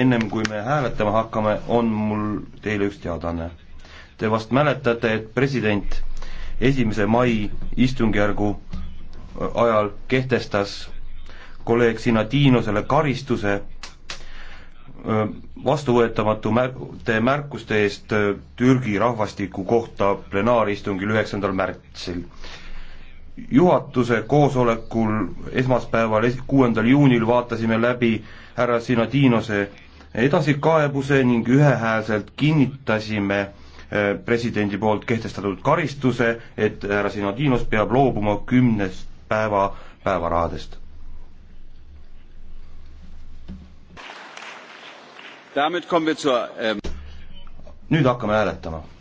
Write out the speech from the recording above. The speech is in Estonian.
ennem kui me hääletama hakkame, on mul teile üks teadaanne. Te vast mäletate, et president esimese mai istungjärgu äh, ajal kehtestas kolleeg Sinatiinosele karistuse äh, vastuvõetamatu mär-, märkuste eest äh, Türgi rahvastiku kohta plenaaristungil üheksandal märtsil. juhatuse koosolekul esmaspäeval, kuuendal juunil vaatasime läbi härra Sinatiinose edasikaebuse ning ühehäälselt kinnitasime eh, presidendi poolt kehtestatud karistuse, et härra Sinodinos peab loobuma kümnest päeva päevarahadest. Ähm nüüd hakkame hääletama